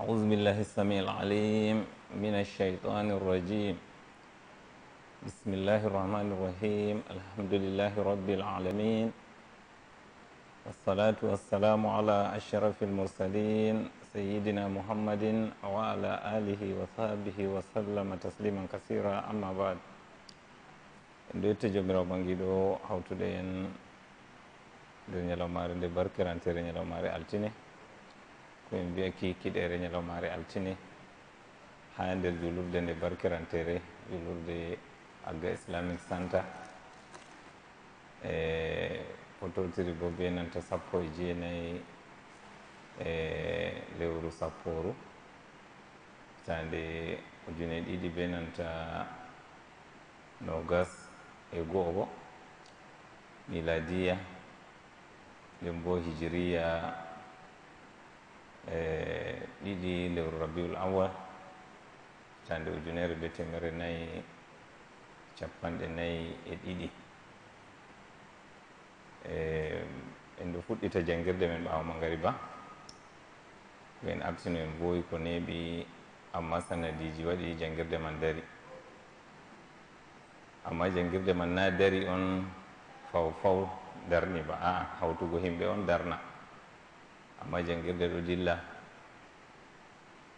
أعوذ بالله السميع العليم من الشيطان الرجيم بسم الله الرحمن الرحيم الحمد لله رب العالمين والصلاة والسلام على أشرف المرسلين سيدنا محمد وعلى آله وصحبه وسلم تسليما كثيرا أما بعد ndetti jomirawo دنيا لو ماري دي بركران تيرين لو ماري التيني min mbiyaki kiɗere ñalawmare altine ha nder julurde nde barkirantere julurde aga islamic centre e pototiri bo be nanta sappo e jeenayi e lewru sapporu tande ujune ɗiɗi be nanta nogas e go'obo miladiya ndem bo hijiriya E, ɗiɗi lewru rabiul awal tande ujunere be temere nayi capanɗe nayi e ɗiɗi e, en ɗo fuɗɗita janngirde men ɓaawa magari ba ɓen abtino en mboowi ko neeɓi amma sanadiji waɗi janngirde man dari amma janngirde man na dari on faw faw darni ba aa hawtugo himɓe on darna amma janngirde ɗo dilla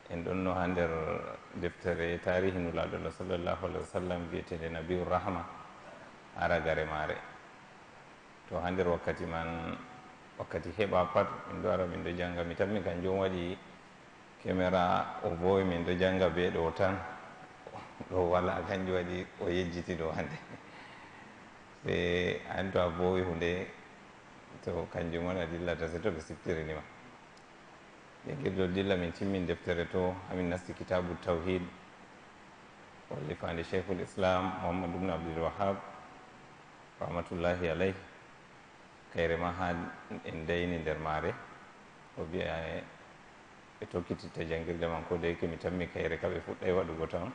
en ɗonno ha nder deftere tarihi nulaɗolla sallllahu alih wa sallam wiyetede nabiu rahma ara gare maare to ha nder wakkati man wakkati heɓa pat min ɗo ara min ɗo jannga mi tammi kan jom waɗi caméra o bowi min ɗo jannga be ɗo tan ɗo wala kanjum waɗi o yejjiti ɗo hande se anto a bowi hunde to kanjum on dilla dillata se to ɓe siftiri ma jangirɗo dilla min timmin deftere to hamin nasti kitabu tawhid wallifande cheikhul islam ibn abdul wahhab rahmatullahi alayh kayre ma ha en dayni nder maare o ay e ɓe tokkititta jangirde man ko ke mi tammi kayre kabe ɓe wadugo waɗugo tan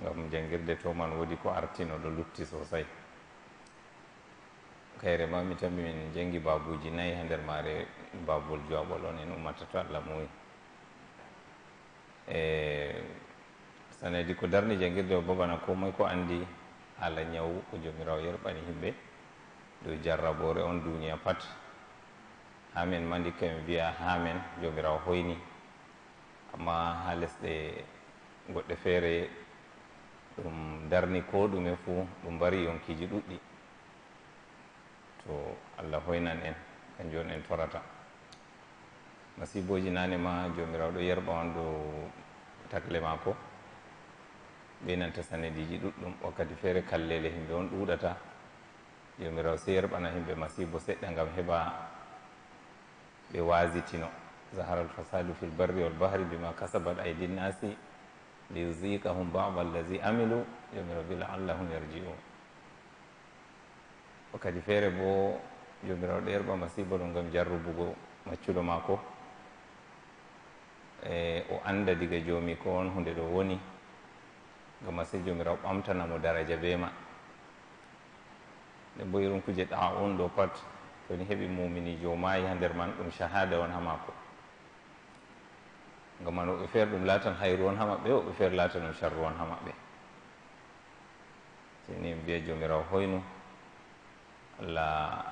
ngam jangirde to man wodi ko artino do lutti sosai kayre ma mi tammi min jengi babuji nayi ha nder mare babol joɓol on en ummata to allah muyi e eh, sanadi ko darni jangirde o babana ko moy ko andi haala ñawu ko jomirawo yerɓani himɓe dow jarrabore on duniya pat ha men mandi kami mbiya ha men jomirawo hoyni amma ha lesɗe goɗɗe feere ɗum darni ko ɗume fuu ɗum mbari yonkiji ɗuɗɗi so allah hoynan en kanjum on en torata masiboji nane ma jomirawo ɗo yerɓa on ɗo tagle mako ɓe nanta sanediji ɗuɗɗum wakkati feere kallele himɓe on ɗuɗata jomirawo se yerɓana himɓe masibo seɗɗa gam heɓa ɓe wasitino zahara alfasadu fi lbarri walbahri bima kasabat aidi nnasi liusikahum bada allazi amilu jomirawo bi laallahum yarji un wakkati feere bo jomirawo ɗo yerɓa masiba ɗum ngam jarrubugo maccuɗo maako e o annda diga joomi ko on hunde ɗo woni ngam asi jomirawo ɓamtana mo daraja bee ma nden bo irum kuje ɗaa on ɗo pat toni heɓi mumini joomaayi ha nder man ɗum shahada on ha maako ngam an woɓɓe feere ɗum laatan hayru on ha maɓɓe woɓɓe feere laata ɗum sharru on ha maɓɓe sini mbiya joomirawo hoynu la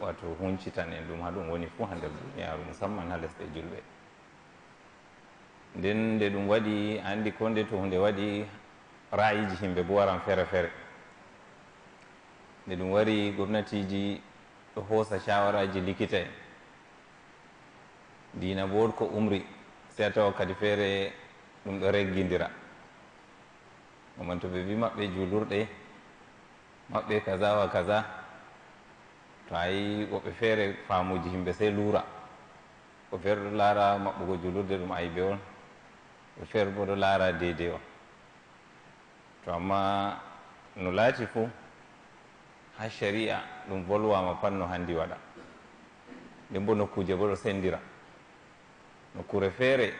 wato huncitan en ɗum haɗum woni fuu ha nder duniyaru musamman ha lesɗe julɓe nden nde ɗum waɗi andi ko nde to hunde waɗi rayiji himɓe bo waran feere feere nde ɗum wari gomnatiji ɗo hoosa shawaraji likita en dina bo ko umri se a tawa kadi feere ɗum ɗo reggidira gomanto ɓe wi maɓɓe julurɗe maɓɓe kaza wa kaza to a yi woɓɓe feere faamuji yimɓe sey luura o feere ɗo laara maɓɓugo julurde ɗum ayibe on o feere bo ɗo laara deydey on to amma no laati fuu ha sharia ɗum volwama pat no hanndi waɗa nden bo nokkuuje bo ɗo senndira nokkure feere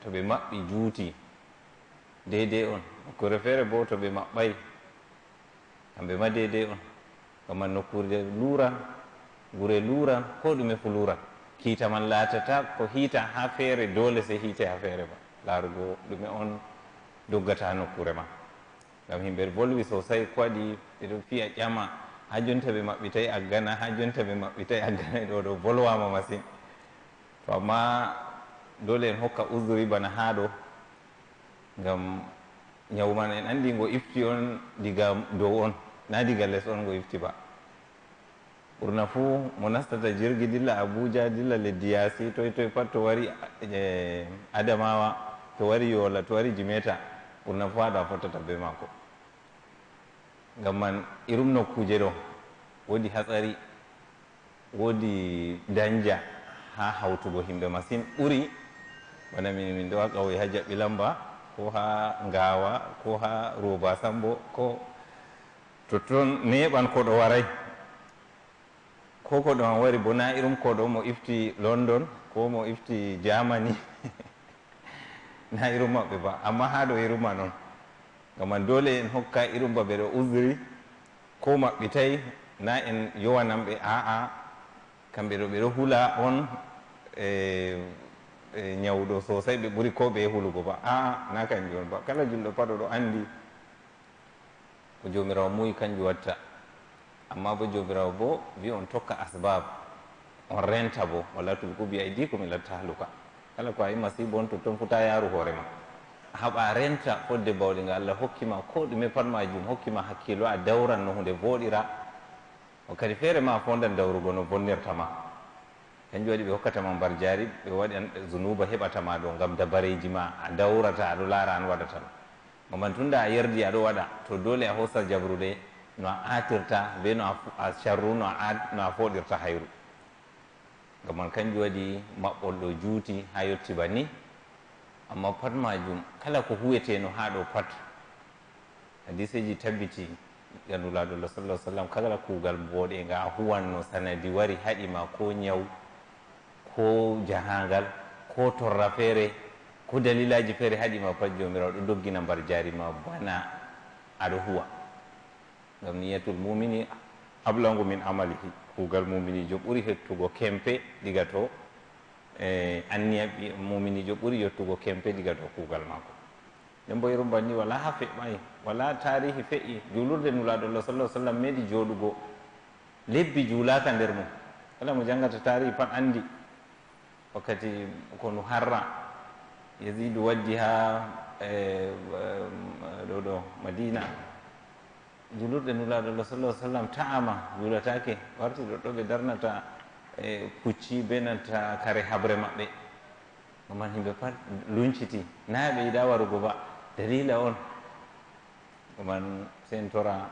to ɓe maɓɓi juuti deydey on nokkure feere bo to ɓe maɓɓay kamɓe ma deydey on kama nokkure lura gure lura ko ɗume ko lura hiita man laatata ko hiita ha feere doole se hiite ha feere ma laarugo ɗume on doggata nokkure ma ngam yimɓe bolwi sosay ko waɗi ɓeɗo fiya ƴama ha jonta ɓe maɓɓitay aggana ha jonta ɓe maɓɓitay aggana ɗo e ɗo bolwama masine to amma dole en hokka uzuri bana ha ɗo ngam ñawman en andi ngo ifti on diga dow on nadi diga les on go ba ɓurna fu mo nastata jirgi dilla abuja dilla leddi diasi toy toy pat to wari eh, adamawa to wari yola to wari jimeta ɓurna fu haɗo a fottata be mako ngam man irum nokkuje kujero wodi hatsari wodi danja ha hautugo himɓe masin ɓuri bana min min do ha kawye ko ha ngawa ko ha roba sambo ko to ton ne yeɓan koɗo waray ko koɗo an wari bona irum koɗo mo ifti london ko mo ifti germany na iru maɓɓe ba amma ha ɗo iruma noon gam an dole en hokka irum ba ɓeɗo usri ko maɓɓitay na en yowanamɓe a a kamɓe ɗo ɓeɗo hula on e ñawɗo e sosay ɓe ɓuri ko ɓe hulugo ba aa na kanjum on ba kala julɗo paɗo ɗo andi ko jomirawo muyi kanju watta amma bo jomirawo bo wi on tokka asbab on renta bo wala tulku bi aydikum latta haluka kala ko ayi masibo on totton futa yaaru ma haɓa renta fodde bawɗe nga allah hokkima ko ɗume pat majum hokkima hakkilo a dawran no hunde voɗira o kadi feere ma fondan dawrugo no bonnirtama kanjum waɗi ɓe hokkatama mbar jaari ɓe waɗi an zunuba heɓatama ɗo gam dabareji ma a dawrata aɗo laara an waɗatano gomban tunde a yerdi aɗo waɗa to dole a hosa jabrude no a atirta be no a charru no a no a foɗirta hayru gomman kanjum waɗi maɓɓol ɗo juuti ha yetti ba ni amma pat majum kala ko huweteno ha ɗo pat hadice ji tabbiti ganduraɗo lah sallah sallam kala kugal booɗe nga a huwanno sanadi wari haɗima ko ñaw ko jahangal ko torra feere ko dalilaji feere haɗima pat jomirawo ɗo doggina mbar jarima bana aɗa huwa ngam niyatul mumini ablagu min amalihi kuugal muminijo ɓuuri hettugo kempe ɗiga to e anniya muminijo ɓuuri yettugo kempe ɗiga to kuugal makko nden bo yeru banni wala ha feɓay wala tarihi feƴi juulurde nulaɗo allah sallah sallam meɗi jooɗugo lebbi juulaka nder mum kala mo jangata tarihi pat anndi wakkati ko nu harra yezidu waddi ha e, e, ɗo ɗo madina julurɗe nulaɗo allah sala a sallam ta'ama julatake warti ɗoɗɗo ɓe darnata e pucci be nanta kare habre maɓɓe oman himɓe pat lunciti naya ɓe yiɗa warugo ba dalila on oman sen tora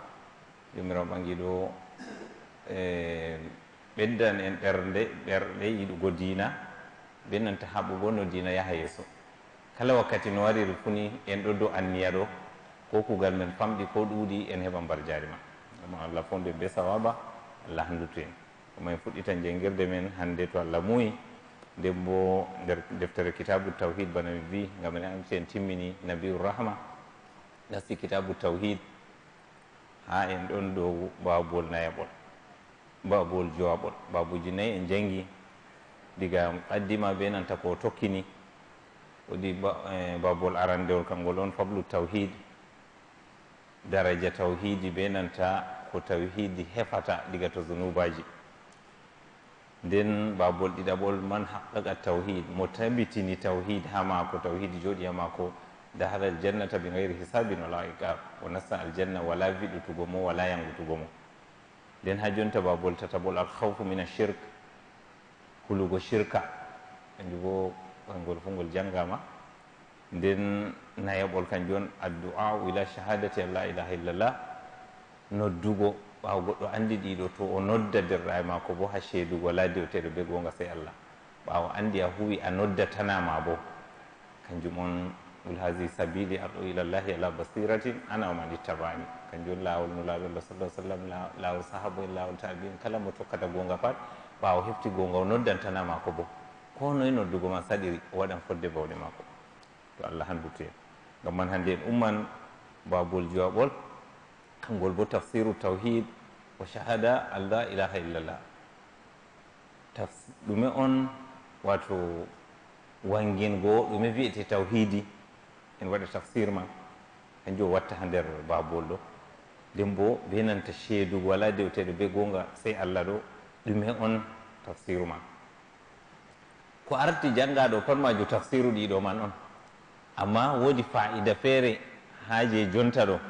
jomirao ɓangi ɗo e ɓeddan en ɓerde ɓerɗe yiɗugo diina be nanta haɓɓugo no diina yaha yeeso kala wakkati no wariri funi en ɗo do anniya ɗo ko kugal men famɗi ko ɗuuɗi en heɓa mbar jaari ma ɗuma allah fo nde be sawaba allah handutu en omaen fuɗɗita jangirde men hannde to allah muyi nden bo nder deftere kitabu tawhid bana mi wii ngam en anditi en timmini nabiur rahma gasti kitabu tawhid ha en ɗon dow babol nayaɓol babol jowaɓol babuji nayi en jangi diga ɓaddima be nanta ko tokkini woodi e, babol arandewol kanngol on fablu tawhid daraja tawhidi be nanta ko tawhidi hefata diga to zunubaji nden babol ɗiɗaɓol man haɓɓaga tawhid mo tabitini tawhid ha maako tawhidi jooɗi ha maako dahala aljanna tabi gayri hisabin wala iqab o nasta aljanna wala viɗutugo mo wala yangutugo mo nden ha jonta babol tataɓol alhawfu min a shirk hulugo shirka kanjubo kangol fo ngol jangama nden nayaɓol kanjum on addu'a ila shahadati alla ilaha illallah noddugo ɓawa goɗɗo andi ɗiɗo to o nodda derɗae mako bo ha seedugo ala dewtere be gonga sey allah ɓawa andi a huwi a noddatanama bo kanjum on ulhasi sabili ardo ilallahi ala basiratin ana oman ittabani kanjum on lawol nulaɗo allah sa sallam lawol sahaba en lawol tabi en kala mo tokkata gonga pat ɓawa hefti gonga o noddantanamako bo ko noyi noddugo ma saɗiri o waɗan fodde bawɗe makko to allah handutuen gam man hannde en umman babol jowaɓol kangol bo tafsiru tawhid wa shahada alla ilaha illallah tafs ɗume on wato wangingo ɗume wiyete tawhidi en waɗa tafsir ma kanjum o watta ha nder babol ɗo nden bo be nanta seedu wala dewteɗo be gonga sey allah ɗo ɗume on tafsiru ma ko arti janga pat maju tafsiru ɗiɗo man on amma woodi fa'ida fere haje jonta ɗo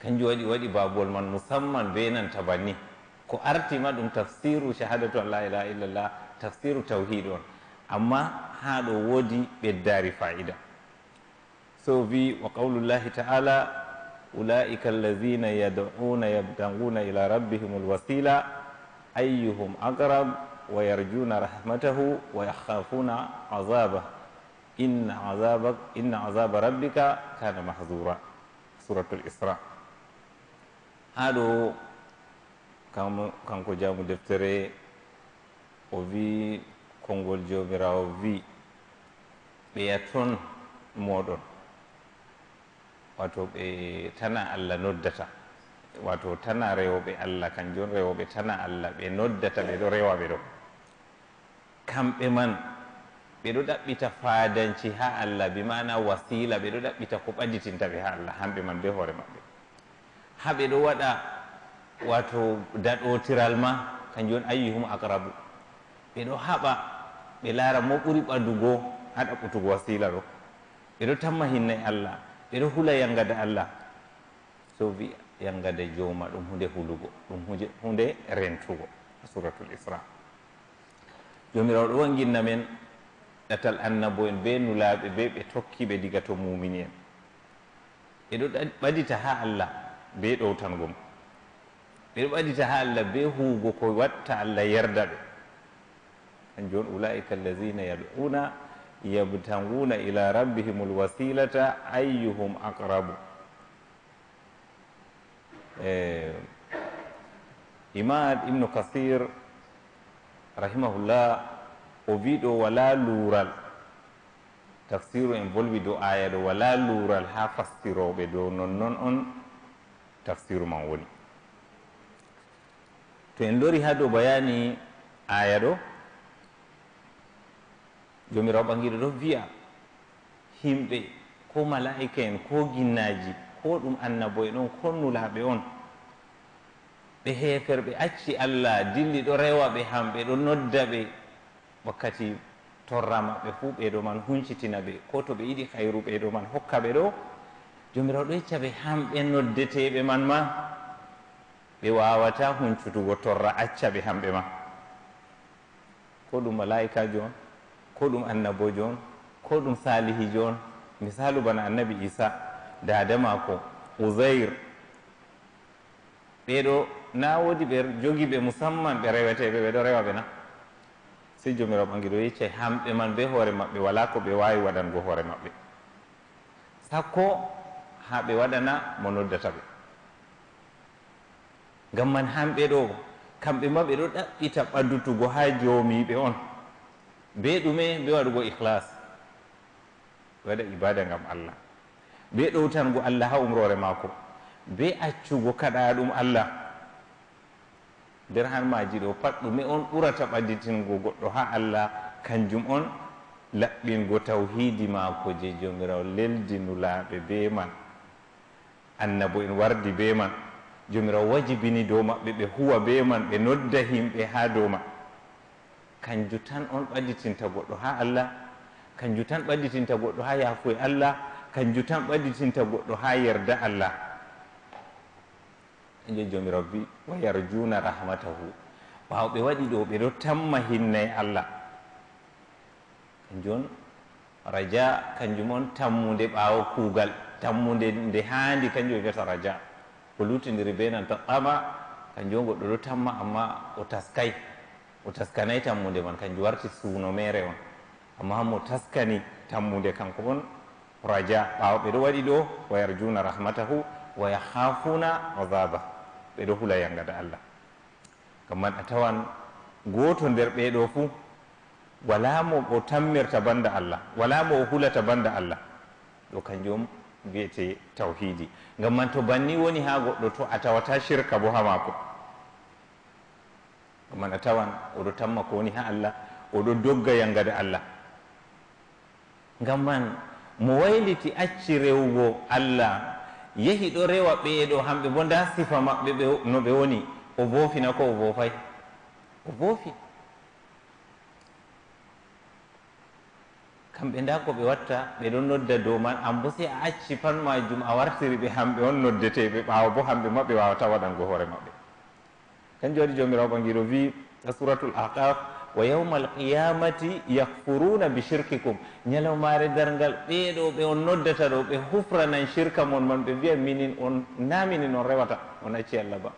kanjum waɗi waɗi babol man musamman be nanta banni ko ma ɗum tafsiru shahadatu an la ilaha illallah tafsiru tawhid on amma haa wodi woodi ɓeddari fa'ida so bi wa qawlullahi ta'ala ulaika allazina yad'una yabtaguna ila rabbihim wasila ayyuhum aqrab wayarjuna rahmatahu wayahafuna azabah inna azaba rabbika kana mahdura suratu lisra ha ɗo kanko jamu deftere o wi kongol jomirawo wi ɓeya toon moɗon wato ɓe tana allah noddata wato tana rewoɓe allah kanjon rewoɓe tana allah ɓe noddata ɓe ɗo rewa ɓe ɗo kamɓe man ɓe ɗo ɗaɓɓita faadanci ha allah bi mana wasila ɓe ɗo ɗaɓɓita ko ɓadditinta ɓe ha allah hamɓe man be hoore maɓɓe ha ɓe ɗo waɗa wato daɗotiral ma kanjum on ayyuhum agrabu ɓe ɗo haɓa ɓe laara mo ɓuri ɓandugo ha ɗaɓɓutugo wasila ɗo ɓe ɗo tamma hinnayi allah ɓe ɗo hula yangada allah so wi yangada jowma ɗum hunde hulugo ɗum hunde rentugo ha suratul isra' jomirawo ɗo wanginna men ɗatal annabo en be nulaaɓe be ɓe tokkiɓe diga to mumini en ɓeɗo ɓadita ha allah be ɗowtango mum ɓeɗo ɓadita ha allah be huugo ko watta allah yerda ɓe kanjum on ulaika allazina yad'una yabtaguna ila rabbihim lwasilata ayyuhum aqrabu imad ibnu kasir rahimahullah o wi ɗo wala luural tafsiru en volwi dow aya ɗo wala luural ha fastirowɓe dow nonnon on tafsiru man woni to en lori ha dow bayani aya ɗo jomirawo ɓangiɗo ɗo wiya himɓe ko malaika en ko ginnaji ko ɗum annabo e ɗon ko nulaɓe on ɓe heefere ɓe acci allah dilli ɗo rewa ɓe hamɓe ɗo nodda ɓe wakkati torra maɓɓe fuu ɓeeɗo man huncitina ɓe ko to ɓe yiɗi hayru ɓeeɗo man hokka ɓe ɗo jomirawo ɗo yecca ɓe hamɓe noddeteɓe man ma ɓe wawata huncutugo torra acca ɓe hamɓe ma ko ɗum malaikajo on ko ɗum annabojo on ko ɗum salihijo on misalu bana annabi isa dada mako ousair ɓeɗo na woodi ɓe jogii ɓe musamman ɓe reweteeɓe ɓe ɗo rewa ɓe na si jomiraɓe angi ɗo yecca hamɓe man be hoore maɓɓe wala ko ɓe waawi waɗango hoore maɓɓe sakko haa ɓe waɗana mo noddata ɓe ngam man hamɓe ɗo kamɓe ma ɓe ɗo ɗaɓɓita ɓaddutugo haa joomiiɓe on be ɗume be waɗugo ihlas ɓe waɗa ibada ngam allah be ɗowtango allah haa umrore maako be accugo kaɗa ɗum allah nder hammaji ɗo pat ɗume on ɓurata ɓadditingo goɗɗo ha allah kanjum on laɓɓingo tawhidi maako je jomirawo leldi nulaɓe be man annabo en wardi be man jomirawo wajibini dow maɓɓe ɓe huwa be man ɓe nodda himɓe ha dow ma kanju tan on ɓadditinta goɗɗo ha allah kanju tan ɓadditinta goɗɗo ha yafuye allah kanju tan ɓadditinta goɗɗo ha yerda allah nde joomiraw bi wa yarjuuna rahmatahu ɓaaw ɓe waɗi ɗo ɓe ɗo tamma hinnay allah kanjum on raja kanjum on tammude ɓaawo kuugal tammude nde haandi kanjum ɓe mbiyata raja ko lutindiri be nanta ama kanjum on goɗɗo ɗo tamma amma o taskay o taskanayi tammude man kanjum warti suuno mere on amma hammo taskani tammude kanko on raja ɓaawo ɓe ɗo waɗi ɗo wa yarjuuna rahmatahu wa yahaafuna azabahu ɓe ɗo hula yangada allah kamman a tawan gooto nder ɓeeɗo fuu wala mo o tammirta banda allah wala mo o hulata banda allah ɗo kanjum wiyete tawhidi ngam man to banni woni ha goɗɗo to a tawata shirka bo ha maako kamman a tawan oɗo tamma ko woni ha allah oɗo dogga yangada allah ngam man mo wayliti acci rewugo allah yehi ɗo rewa ɓeeɗo hamɓe bo nda sifa maɓɓe ɓe no ɓe woni o boofina ko o boofay o boofi kamɓe nda ko ɓe watta ɓe ɗon nodda dow man an bo si a acci pan majum a wartiri ɓe hamɓe on noddeteɓe ɓaawa bo hamɓe ma ɓe wawata waɗango hoore maɓɓe kanjum waɗi jomirawɓa giro wi asuratul aqaf wa yawma alqiyamati yakfuruna bi shirkikum ñalawmaare darngal ɓeeɗo ɓe on noddata ɗo ɓe hufranan shirka mon man ɓe mbiya minin on naaminin on rewata on acci allah ba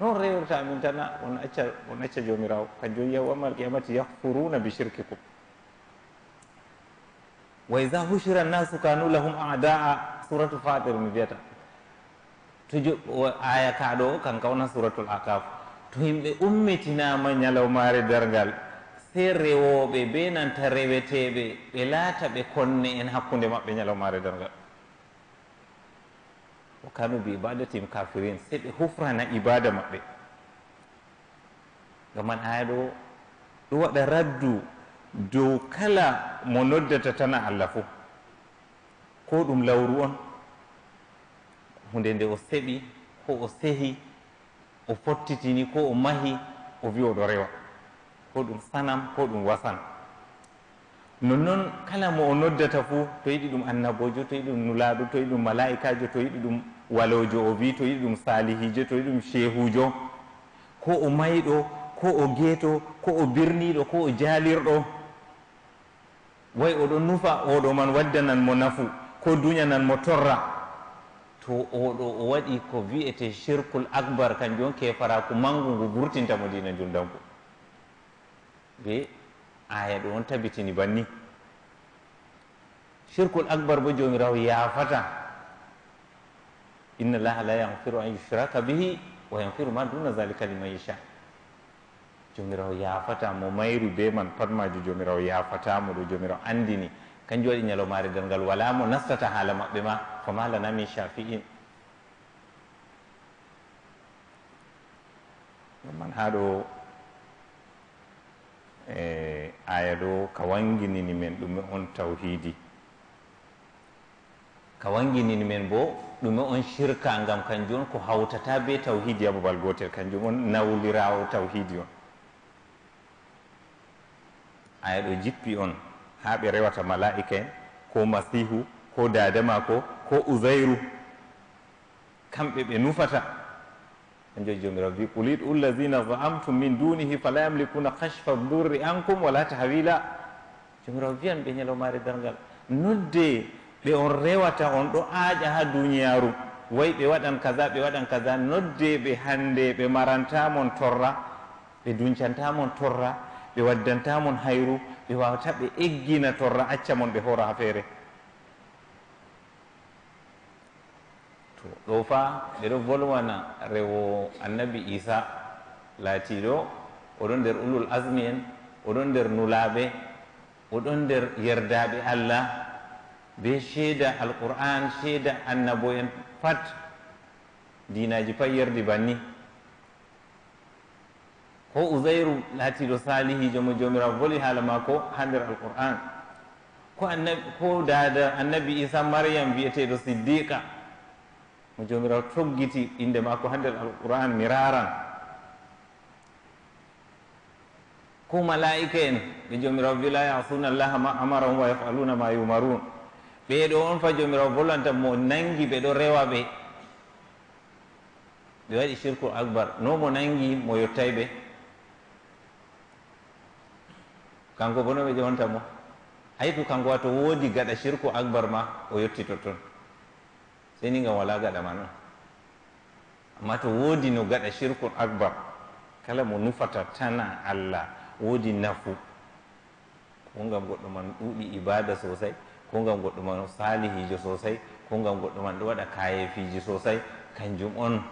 non rewrata min tana on acca on acca joomirawo kan joni yawma alqiyamati yakfuruna bi shirkikum wa ida hushira annasu kanu lahum adaa suratu fatir mi wiyata to jo aya kaa ɗo kanka wona suratul akaf to yimɓe ummitinama ñalawmaare dargal sey rewooɓe be nanta reweteeɓe ɓe laata ɓe konne en hakkunde maɓɓe ñalawmaare e dargal o kanu bi ibadatim kafirin sey ɓe hufrana ibada maɓɓe gaman aya ɗo ɗum waɗa raddu dow kala mo noddata tana allah fo ko ɗum lawru on hunde nde o seɓi ko o sehi o fottitini ko o mahi o wi oɗo rewa ko ɗum sanam ko ɗum wasan nonnoon kala mo o noddata fuu to yiɗi ɗum annabojo to yiɗi ɗum nulaaɗo to yiɗi ɗum malaikajo to yiɗi ɗum walojo o wi to yiɗi ɗum salihijo to yiɗi ɗum chehujo ko o mayiɗo ko o geeto ko o birniiɗo ko o jaalirɗo way oɗo nufa oɗo man waddanan mo nafu ko duñanan mo torra to oɗo o waɗi ko wiyete shirkul akbar kanjum on kefaraku manngu ngu burtinta mo diina njuldanku be aya ɗo on tabitini banni shirkul akbar bo jomirawo yafata inna llaha la yanfiru an yushraka bihi wa yanfiru ma duna zalika liman yasha jomirawo yafata mo mayru be man pat majo jomirawo yafata mo ɗo jomirawo andini kanjum waɗi ñalomare nder ngal wala mo nastata haala maɓɓe ma fa malana min shafi'in ɗumman ha ɗo e aya ɗo ka wanginini men ɗume on tawhidi ka wanginini men bo ɗume on shirka ngam kanjum on ko hawtata be tawhidi abobal gotel kanjum on nawlirawo tawhidi on aya ɗo jippi on ha ɓe rewata malaika en ko masihu ko dadamako ko usairu kamɓe ɓe nufata en joni jomirawo wi qulid ullazina zaamtum min dunihi fala yamlikuna kashfa durri ankum wala tahwila jomirawo wiyan ɓe ñalawmaari dalngal nodde ɓe on rewata on ɗo aaƴa ha duniyaru wayi ɓe waɗan kaza ɓe waɗan kaza nodde ɓe hande ɓe marantamon torra ɓe duñcantamon torra ɓe waddantamon hayru ɓe wawata ɓe eggina torra acca mon ɓe hoora ha feere to ɗo fa ɓe ɗo volwana rewo annabi isa laatiɗo oɗon nder ulul asmi en oɗon nder nulaaɓe oɗon nder yerdaaɓe allah be sheeda alqur'an sheeda annabo en pat dinaji pat yerdi banni ko usairu laatiɗo salihijo mo jomira voli haala maako ha nder alqur'an ko annabi ko daada annabi isa mariyam wiyeteɗo siddiqa mo joomiraw toggiti inde makko hannden alquran mi raran ko malaika en ɓe joomiraw wi la yasuna allaha ma amarahum wa yafaluna ma yumarun ɓeeɗo on fa joomiraw bollanta mo nangi ɓe ɗo rewa ɓe ɓe waɗi shirkul akbar no mo nangi mo yottay ɓe kanko bo no ɓe jontamo hayto kanko wa to woodi gaɗa shirkul akbar ma o yetti totton seni gam wala gaɗa ma non amma to woodi no gaɗa shirkun akbar kala mo nufata tana allah woodi nafu ko gam goɗɗo man ɗuuɗi ibada sosai ko gam goɗɗo man salihijo sosai ko gam goɗɗo man ɗo waɗa kayefiji sosai kanjum on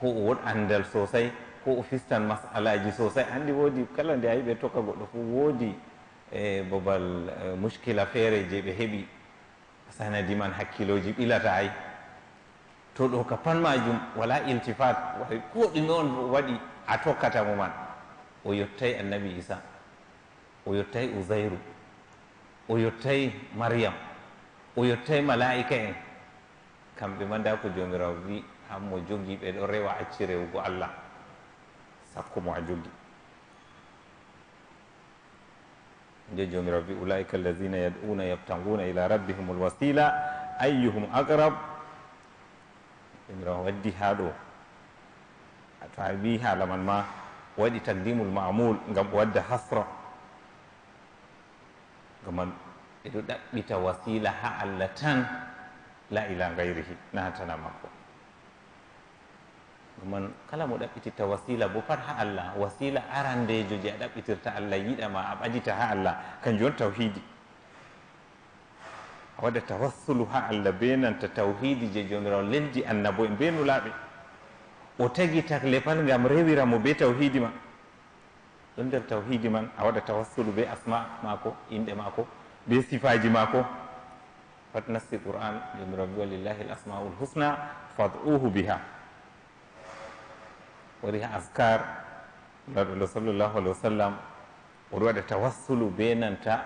ko o woɗ andal sosai ko o fistan masalaji sosai andi woodi kala nde ayiɓe tokka goɗɗo fo woodi e babal eh, mushkila feere je ɓe heɓi sanadi man hakkiloji ɓilatay to ɗo ka pan majum wala iltifat ko ɗume on waɗi a tokkatamo man o yettay annabi isa o yettay ousairu o yettay mariam o yettay malaika en kamɓe ma nda ko jomirawo wi hammo jogui ɓe ɗo rewa acci rewgo allah sakkumo a jogui nde jomirao wi ulaika allazina yaduna yabtaguna ila rabbihim lwasila ayyuhum agrab jomirao waddi ha ɗo to a wi halaman ma waɗi tandimul mamul gam o wadda hasra gaman ɓeɗo ɗaɓɓita wasila ha allah tan la ila gayrihi natana makko man kala mo ɗaɓɓititta wasila bo pat ha allah wasila arandejo je a ɗaɓɓitirta allah yiɗama a ɓadita ha allah kanjum on tawhidi a waɗa tawassulu ha allah be nanta tawhidi je jonirao leldi annabo en be nulaɓe o tagi takle pat gam rewira mo be tawhidi ma ɗon nder tawhidi man a waɗa tawassulu be asma mako inɗe mako be sifaji mako fat nasti qouran jomirao wi wa lillahi l asmaul husna fad'uhu biha wori askar laɗoɗo sallllahu alaihi wa sallam da tawassulu benanta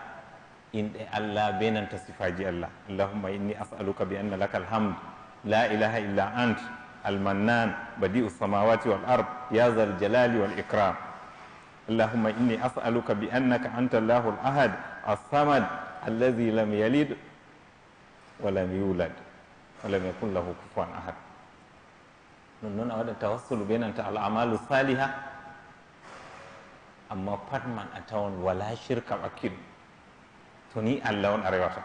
inda allah benanta sifaji allah allahumma inni as'aluka bi anna lakal hamd la ilaha illa ant almannan badi'us samawati wal ard ya zal jalali wal ikram allahumma inni as'aluka bi annaka anta allahu al ahad lam yalid wa lam yulad wa lam yakul lahu kufuwan ahad ɗum noon a waɗa tawakkulu ɓe nanta al amalu faliha amma pat man a tawan wala shirka ɓakkiɗum to ni allah on a rewata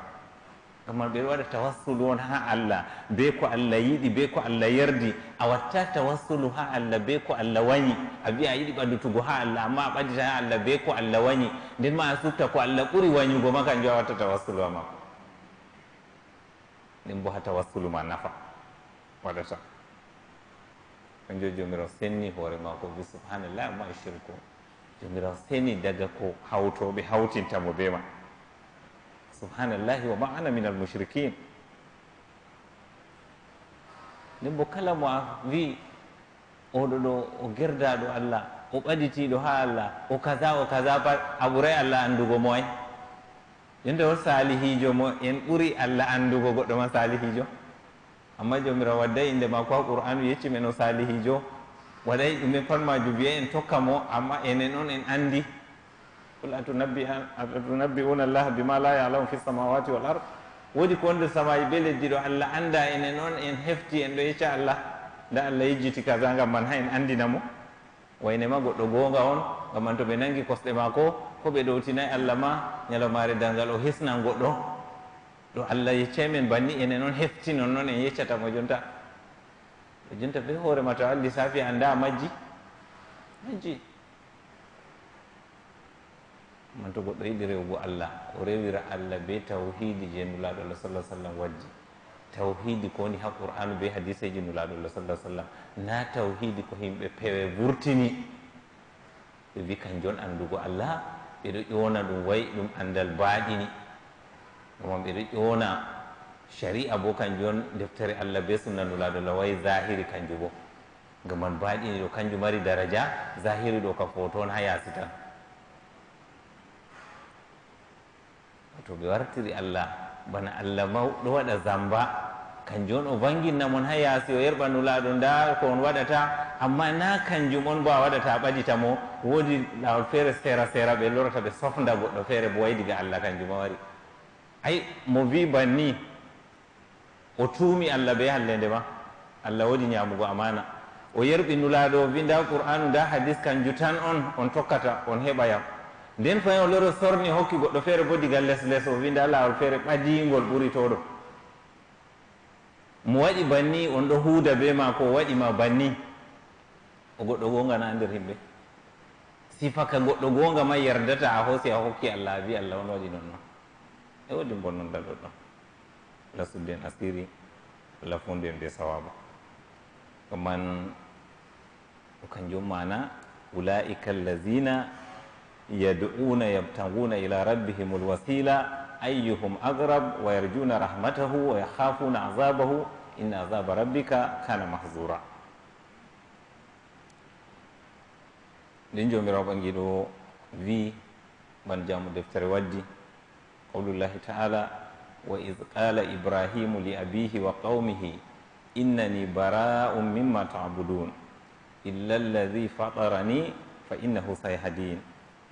gamman ɓeɗo waɗa tawassulu on ha allah be ko allah yiɗi be ko allah yardi a watta tawassulu ha allah be ko allah wañi a wiya a yiɗi ɓaddutugo ha allah amma a ɓaddita ha allah be ko allah wañi nden ma a sufta ko allah ɓuri wañugo ma kanjum a watta tawassulu ha makko nden bo ha tawassulu ma nafa waɗata kanjo jomirawo senni hoore makko wi subhanallah ma e shirku jomirawo senni daga ko hawtoɓe hawtintamo be ma subhanallahi wa ma ana min al mushrikin nden bo kala mo a wi oɗo ɗo o gerdaɗo allah o ɓaɗitiɗo ha allah o kaza o kaza pa a ɓuray allah andugo moye yonde o salihijo mo en ɓuri allah andugo goɗɗo ma salihijo amma jomirawo wadday indema ko ha qur'anu yeccime no salihijo waɗay ɗume pat maju biya en tokka mo amma enen on en andi qul atunabbiuna llaha bima la yalamu fi samawati wal ard woodi ko wonde samaji be leddi ɗo allah anda enen on en hefti en ɗo yecca allah nda allah yejjiti kasa gam man ha en andina mo waynema goɗɗo gonga on gam man to ɓe nangi kosɗe ma ko ko ɓe ɗowtinayi allah ma ñalomare dangal o hisnan goɗɗo ɗo allah yeccaymen banni ene noon hefti non noon en yeccatamo jonta o jonta be hoore ma to alli safi annda majji majji man to goɗɗo yiɗi rewgo allah o rewira allah be tawhidi je nulaɗo allah salah sallam wajji tawhidi ko woni ha qur'anu be hadiseji nulaɗo allah salah sallam na tawhidi ko himɓe pewe vurtini ɓe wi kan jon anndugo allah ɓeɗo ƴona ɗum wayi ɗum anndal baaɗini kuma ɓe ɗo ƴona oh, shari'a bo kanjum on daftari allah be sunna da lawai zahiri kanjum bo ngam baɗi ne ɗo ji mari daraja zahiri doka foton foto on ha yasi tan to ɓe wartiri allah bana allah ma ɗo waɗa zamba kanjum on o vanginna mun ha yaasi o yerɓa nulaɗo da ko on waɗata amma na kanjum on bo a ta a ɓadita mo wodi lawol fere sera sera ɓe lorata ɓe sofda goɗɗo fere bo wai diga allah kan ji wari ay mo wi banni o tuumi allah be hallende ma allah waɗi ñamugo amana o yerɓi nulaɗo o wi nda qur'anu nda hadis kan jutan on on tokkata on heɓaya nden fay o loro sorni hokki goɗɗo feere bo digal les les o wi nda lawol feere ɓadigol ɓuri toɗo mo waɗi banni on ɗo huuda be ma ko o waɗima banni o goɗɗo gongana nder himɓe sifaka goɗɗo gonga ma yerdata a hoosi a hokki allah a wi allah on waɗi non noon Eh, e wodi bonnonɗal ɗo ɗon allah en asiri la fondu en be sawaba kaman ko kanjum mana ulaika allazina yad'una yabtaguna ila rabbihim alwasila ayyuhum agrab wa yarjuna rahmatahu wa yakhafuna azabahu inna azaba rabbika kana mahzura nden jomirawo ɓangiɗo wi ban jamu deftere waddi قول الله تعالى وإذ قال إبراهيم لأبيه وقومه إنني براء مما تعبدون إلا الذي فطرني فإنه سيهدين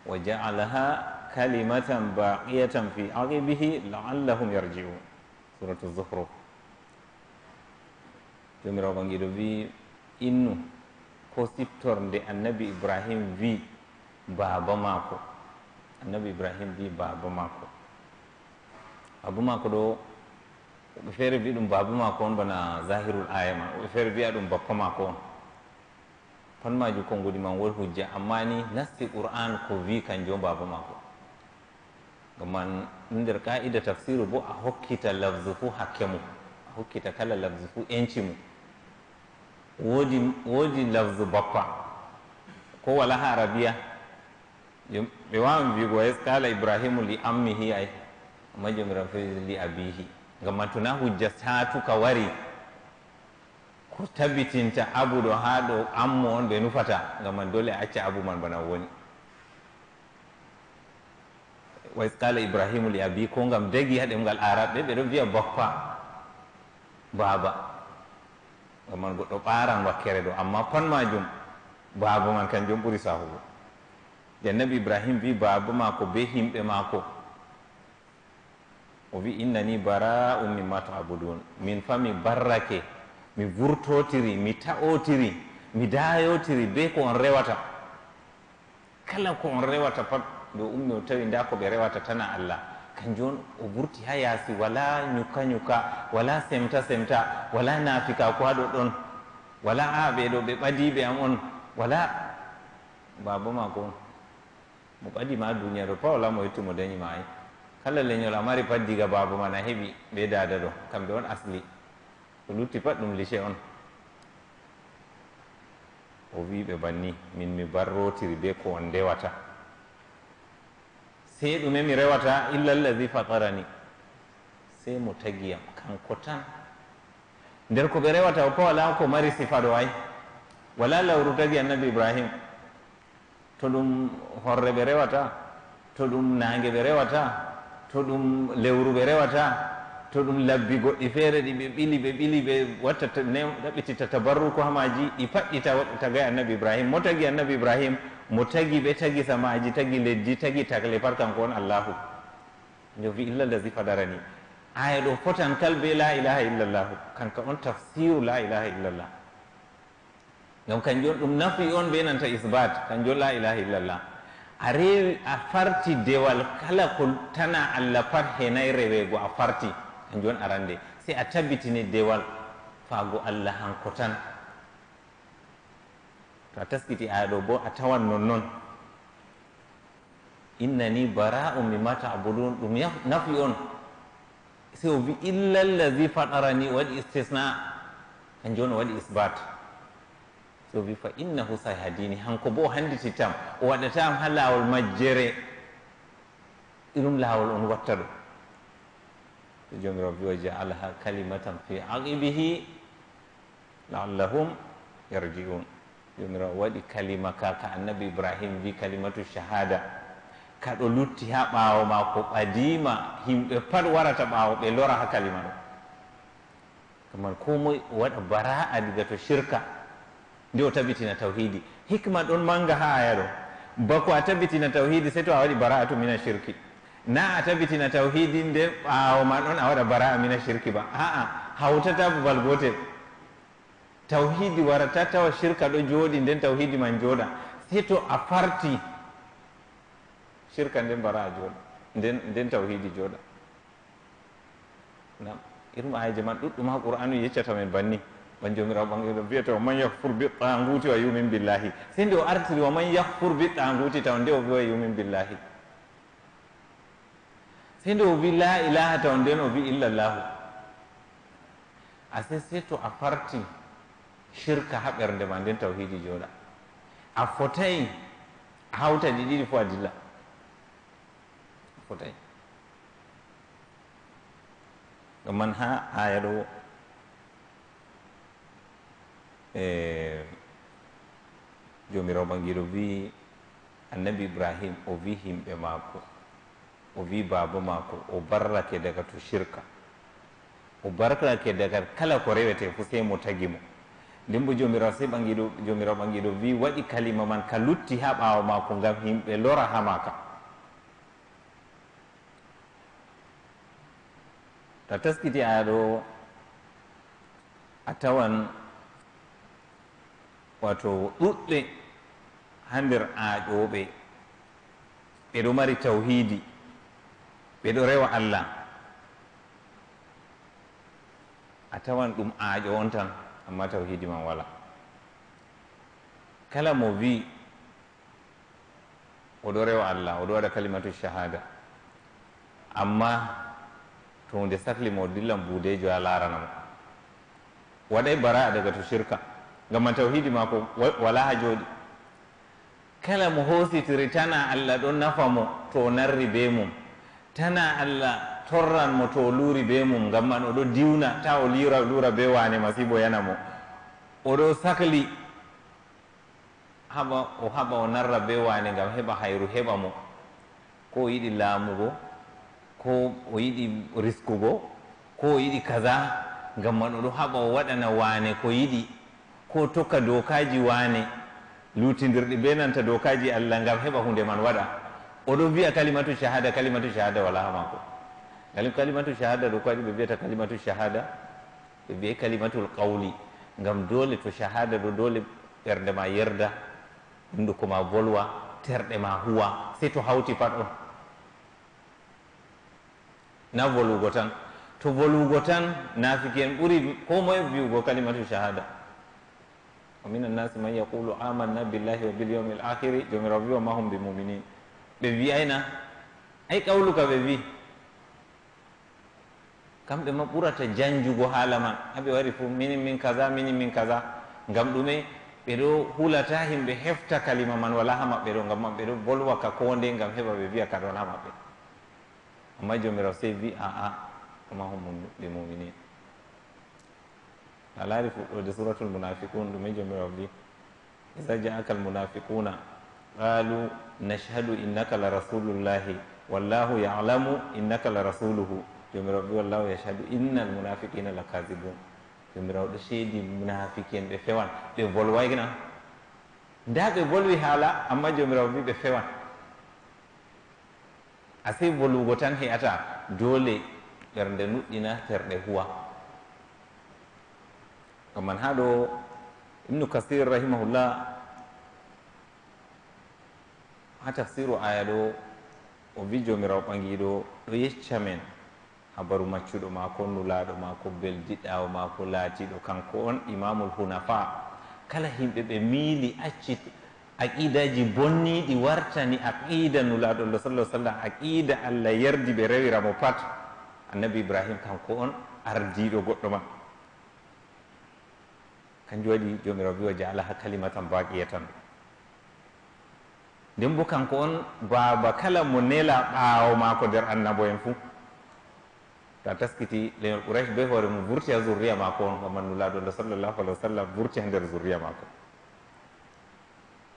وجعلها كلمة باقية في عقبه لعلهم يرجعون سورة الزخرف jomirawo ɓangiɗo wi innu ko النبي إبراهيم في بابا ماكو النبي إبراهيم في بابا ماكو abu mako ɗo woɓe feere mbi ɗum babu mako on bana zahirul aya ma woɓe feere mbiya ɗum bappa mako on pat majum konngudi man wol hujja amma ni nasti qur'an ko wi kanjo babu mako ngam man ɗum nder ka'ida tafsiru bo a hokkita lafse fuu hakke mum a hokkita kala lafse fuu enci mum woodi woodi lafse bappa ko wala ha arabiya ɓe wawan wiigo wa ibrahimu li ammihi ay majomiran fesli abihi gam ma tona hujja satuka wari ko tabitinta abu ɗo ha ɗo ammo on ɓe nufata gam man dole acca abu man bana woni wais qala ibrahima li abi ko gam dagi ha ɗemgal arabɓe ɓeɗo wiya bappa baba gam man goɗɗo ɓaran wakkere ɗo amma pon majum baba man kanjum ɓuuri sahugo jannabi ibrahim wi baba mako be himɓe mako o wi innani bara um mimma tabudun min fami barrake mi vurtotiri mi taotiri mi dayotiri be ko on rewata kala ko on rewata pat nde ummi o tawi nda ko ɓe rewata tana allah kanjum on o vurti ha yaasi wala ñuka ñuka wala semta semta wala naafika ko haɗo ɗon wala a ɓeɗo ɓe ɓadiɓe am on wala baba ma ko mo ɓadima duniya ɗo pa wala mo yettimo dañimaayi kala leñol a mari pat diga baba man a heɓi ɓe dada ɗo kamɓe on asli o lutti pat ɗum liché on o wi ɓe banni min mi barrotiri be ko on ndewata sey ɗume mi rewata illa llahi fatarani sey mo tagiyam kanko tan nder ko ɓe rewata o ko wala ko mari sifat o ay wala lawru tagi annabi ibrahim to ɗum horre ɓe rewata to ɗum nange ɓe rewata to ɗum lewru ɓe rewata to ɗum labbi goɗɗi feere ɗi ɓe ɓili ɓe ɓili ɓe watta ɗaɓɓitita tabarruko ha maji ɗi paɗɗita tagay annabi ibrahim mo tagi annabi ibrahim mo tagi ɓe tagi samaji tagi leddi tagi takle par kanko on allahu yo wi illa lladi fadarani aya ɗo fotan kal be la ilaha illallahu kanka on tafsiru la ilaha illallah donc kanjon ɗum nafi on ɓe nanta isbat kanjon la ilaha illallah a rewi a farti dewal kala ko tana allah pat henayi rewego a farti an joni arande sey a tabbitini dewal faago allah hanko tan to a taskiti aɗo bo a tawan nonnoon innani bara'u mima tabudun ɗum nafi on sey o wi illa llahi faɗarani waɗi istisna an joni o waɗi isbat so wi fa innahu sayhadini hanko bo handiti tam o waɗatam ha laawol majjere irum laawol on watta ɗum so jomirao wi o jaalaha kalimatan fi aqibihi laallahum yarji'un jomirao waɗi kalima ka ka annabi ibrahima wi kalimatu shahada kaɗo lutti ha ɓaawo ma ko ɓadima himɓe pat warata ɓaawo ɓe lora ha kalima ɗo kaman ko moye waɗa bara'a diga to shirka nde o tabitina tawhidi hikma ɗon manga ha aya ɗo bako a tabitina tawhidi sey to a waɗi bara'atu mina shirki na a tabitina tawhidi nde ɓawo ma ɗon a waɗa bara'a mina shirki ba aa hawtata babal gotel tawhidi warata tawa shirka ɗo jooɗi nden tawhidi man jooɗa sey to a farti shirka nden bara'a jooɗa nden nden tawhidi jooɗa nam irum ayaji man ɗuɗɗuma qur'anu yeccata men banni wan jomiraw ɓaŋgeɗo wiyete o man yahfur biɗɗa nguuti wa yumin billahi se nde o artiri o man yahfur biɗɗa nguuti taw nde o wi wa yumin billahi se nde o wi la ilaha taw nden o wi illa llahu ase se to a farti shirka ha ɓernde ma nden taw hiidi jooɗa a fotayi a hawta ɗi ɗiɗi fof a dilla a fotayi ɗum man ha aya ɗo e eh, jomirawo ɓangiro wi annabi ibrahim o wi himɓe maako o wi baaba maako o barrake daga to shirka o barrake daga kala ko rewete fo sey mo tagi mo nden bo jomirawo sey ɓangiɗo jomirawo ɓangiɗo wi waɗi kalima man ka lutti ha ɓaawo maako ngam himɓe lora ha maka ta taskiti aya ɗo a tawan wato ɗuɗɗe ha nder aƴoɓe ɓe ɗo mari tawhidi ɓe ɗo rewa allah a tawan ɗum aƴo on tan amma tawhidi man wala kala mo wi oɗo rewa allah oɗo waɗa kalimatu shahada amma to hunde sahli mo dillan buudejo a laranamo waɗay bara'a daga to shirka gam ma tawhidi mako wala ha jooɗi kala mo hositiri tana allah ɗo nafa mo to narri be mum tana allah torran mo to luuri be mum gam man oɗo diwna ta o lira lura be wane masibo yana mo oɗo sahli haɓa o haɓa o narra be wane gam heɓa hayru heɓa mo ko o yiɗi laamugo ko o yiɗi riskugo ko o yiɗi kaza gam man oɗo haɓa o waɗana wane ko yiɗi ko tokka dokaji wane lutidirɗi be nanta dokaji allah ngam heɓa hunde man waɗa oɗo wiya kalimatu shahada kalimatu shahada wala hamako kalimatu shahada dokaji ɓe wiyata kalimatu shahada ɓe wiye kalimatul qawli ngam dole to shahada ɗo dole ɓerde ma yerda ɗumɗo koma volwa terɗe ma huwa se to hawti pat on na volugo tan to volugo tan nafiki en ɓuri ko moye wiwugo kalimatu shahada man ومن الناس من يقول آمنا بالله وباليوم الآخر يوم ربي وما هم بمؤمنين ببي أين أي قولك ببي kam ɓe maɓɓurata janjugo haala man haɓe wari fu minin min kaza minin min kaza ngam ɗume ɓe ɗo hulata himɓe hefta kalima man wala ha maɓɓe ɗo ngam maɓɓe ɗo bolwa ka konde ngam heɓa ɓe wiya kaɗon ha maɓɓe amma jomirawo sey wi aa oma homo ɓe muminin a laari fuɗɗode suratul munafiqun ɗume jomi rabbi isa jaaka almunafiquna qalu nashhadu innaka la rasulullahi wallahu yalamu innaka la rasuluhu jomirawɓe wallahu yashhadu inna almunafiqina la kadibun jomirawɗo seedi munafiqui en ɓe fewan ɓe volwayna nda ɓe volwi haala amma jomiraw wi ɓe fewan asei volwugo tan heyata doole ɓernde nuɗɗina terɗe huwa gam man ha ɗo ibnu kasir rahimahullah ha tafsiru aya ɗo o vi jomirawo ɓangiɗo ɗo yecca men habaru maccuɗo maako nulaɗo maako beldiɗɗawo maako laatiɗo kanko on imamul hunafa kala himɓe ɓe miili acci aqidaji bonniɗi wartani aqida nulaɗo llah sallah sallam aqida allah yardi ɓe rewira mo pat annabi ibrahim kanko on ardiɗo goɗɗo ma kanjum waɗi jomirawo wi wa jaalaha kalimatan baqiyatan nden bo kanko on baaba kala mo nela ɓaawo maako nder annabo en fuu ta taskiti leñol qouraish be hoore mum vurti ha zurriya maako on mamannulaɗo nde sallllahu alih wa sallam vurti ha nder zurriya maako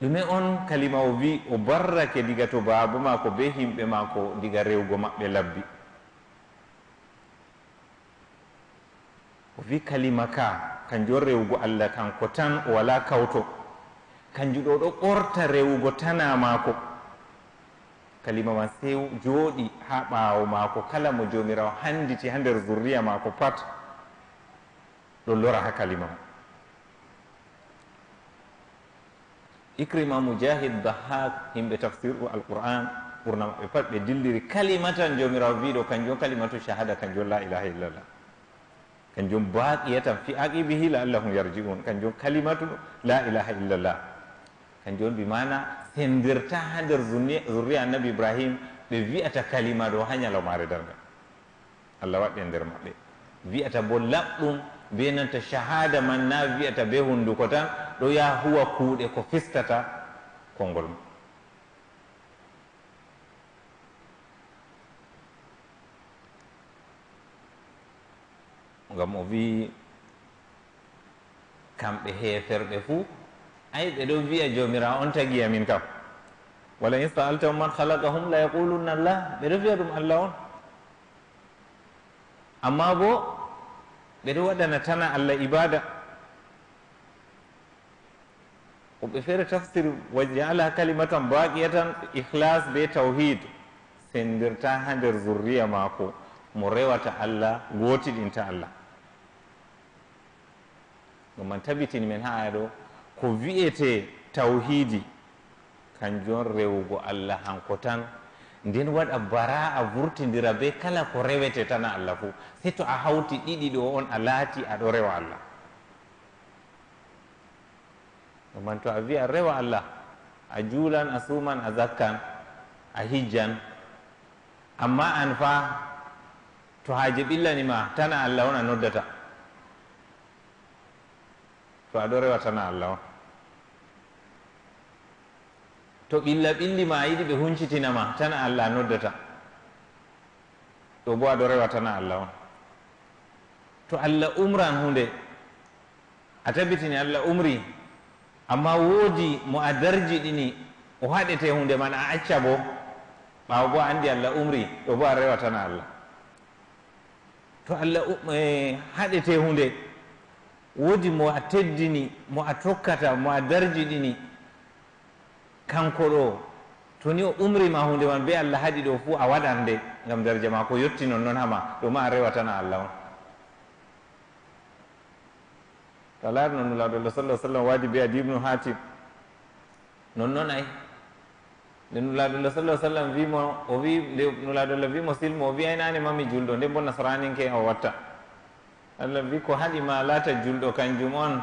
ɗume on kalima o wi o barrake diga to baaba maako be himɓe maako diga rewgo maɓɓe labbi o wi kalima ka kanjum on rewugo allah kanko tan o wala kawto kanjum ɗo ɗo ɓorta rewugo tana maako kalima ma sew jooɗi ha ɓaawo maako kala mo joomirawo handiti ha nder zurriya maako pat ɗo lora ha kalima ma icrima mujahid bahak yimɓe tafsir u alquran ɓurna maɓɓe pat ɓe dilliri kalima tan joomirawo wiɗo kanjum o kalima to shahada kanjum o la ilaha illallah kanjum baqiya tan fi aqibihi la allahum yarjiun kanjum kalimatu la ilaha illallah kanjum on mbimana sendirta ha nder zurriya annabi ibrahim ɓe wiyata kalima ɗo ha ñalawmare darga allah waɗɗe nder maɓɓe wiyata bo laɓɗum be nanta shahada man na wiyata be hunduko tan ɗo yaha huwa kuuɗe ko fistata kongol mum ngam o wii kamɓe heeferɓe fuu ay ɓe ɗo wiya joomira on tagiya min kam wala in saaltahum man halaqahum la yaquluna allah ɓe ɗo wiya ɗum allah on amma bo ɓe ɗo waɗana tana allah ibada woɓɓe feere tafsir wa jaala kalimatan baqiya tan ihlas be tawhid sendirta ha nder zurriya maako mo rewata allah gootiɗinta allah gam man tabitini men ha aɗo ko wiyete tawhidi kanjon rewugo allah hanko tan nden waɗa bara'a vurtidira be kala ko rewete tan a allah fuu sey to a hawti ɗiɗi ɗo on a laati aɗo rewa allah ɗuman to a wiya rewa allah a juulan a suuman a zakkan a hijjan amma an fa to haaje ɓillanima tan a allah on a noddata to aɗo rewatana allah o to ɓilla ɓilli ma yiɗi ɓe huncitinama tan allah noddata ɗo bo aɗo rewatana allah on to allah umran hunde a tabitini allah umri amma woodi mo a darji ɗini o haɗete hunde man a acca bo ɓawa bo a andi allah umri ɗo bo a rewatana allah to allah eh, haɗete hunde woodi mo a teddini mo a tokkata mo a darji ɗini kanko ɗo to ni o umrima hunde man be allah haɗi ɗo fuu a waɗan nde ngam darja ma ko yetti nonnoon hama ɗo ma a rewatana allah on to a laari noon lawdallah sallah sallam waadi be adibnu hatim nonnoon ay nde nulaadullah sallah sallam wimo o wi nde nulaadullah wimo silmo o wi aynaane mami julɗo nde bo nasaranin ke o watta allah mbi ko haɗima laata julɗo kanjum on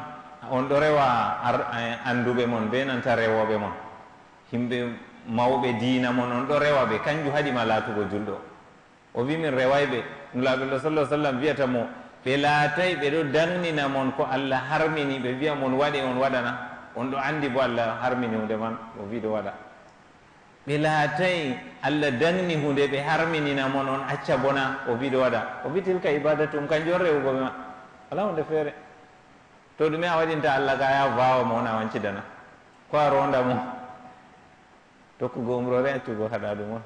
on ɗo rewa eh, annduɓe mon be nanta rewoɓe mon yimɓe mawɓe diina mon on ɗo rewa ɓe kanju haɗima laatugo julɗo o wi min reway ɓe nulaɓelo salah sallam wiyata mo ɓe laatay ɓe ɗo danŋnina mon ko allah harmini ɓe wiya mon waɗe on waɗana on ɗo anndi bo allah harmini hunde man o wi ɗo waɗa ɓe laatayi allah danni hunde ɓe harminina mon on acca bona o biɗo waɗa o bitil ka ibada tum kanjon rewugo ɓe ma wala hunde feere to ɗume a waɗinta allah ka ya vawa mo ona wancidana ko a ronda mo tokkugo umrore accugo haɗa ɗum on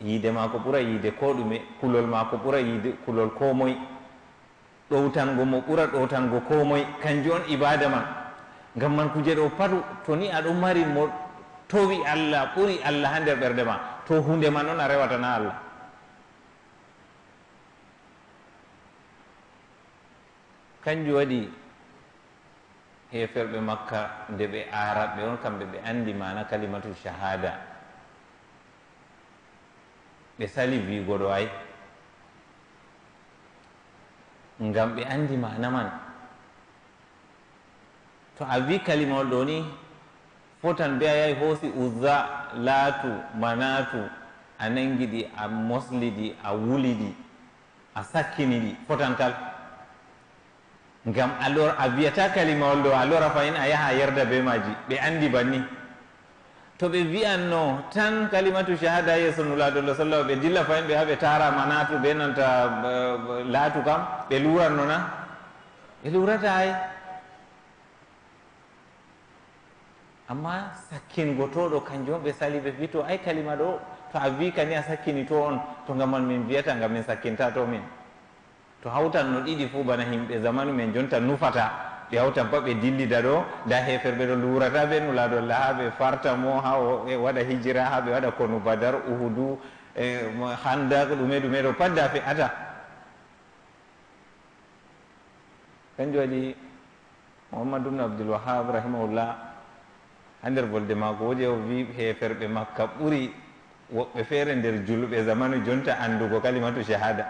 yiide ma ko ɓura yiide ko ɗume kulol ma ko ɓura yiide kulol ko moye ɗowtango mo ɓura ɗowtango ko moye kanjum on ibada ma ngam man kuje ɗo pat to ni aɗo mari mo towi allah ɓuri allah ha nder ɓerde ma to hunde ma noon a rewatana allah kanjum waɗi heferɓe makka nde ɓe araɓɓe on kamɓe ɓe andi mana kalimatu shahada ɓe sali wigoɗo ay ngam ɓe andi mana man to a wi kalimawol ɗo ni fotan mbiya yahi hoosi uzza laatu manatu a nangi ɗi a mosli ɗi a wuli ɗi a sakkini ɗi fotan tal ngam alor a wiyata kalimawol ɗo alora fayin a yaha a yerda be maji ɓe andi banni to ɓe wiyanno tan kalimatu shahada yeso nulaɗolo sallam ɓe dilla fayin ɓe ha ɓe tara manatu ɓe nanta eh, laatu kam ɓe luranno na ɓe lurata ay amma sakkingo to ɗo kanjum ɓe sali ɓe mbi ai kalima ɗo to a wi kani a sakkini to on to ngamal min mbiyata ngam min sakkinta to min to hawtan no ɗiɗi fu bana himɓe zamanu men jonta nufata ɓe hawtan pat ɓe dillida ɗo nda heferɓe ɗo lurata ɓe nulaɗolla ha ɓe farta mo ha e, waɗa hijira ha ɓe waɗa konu badar uhudu e handa ɗume ɗume ɗo pat da fe'ata kanjum waɗi mouhammadou ubne abdoulwahab rahimahullah ha nder bolde maako woodi o wi heferɓe makka ɓuri woɓɓe feere nder julɓe zamanu jonta andugo kalimatu shahada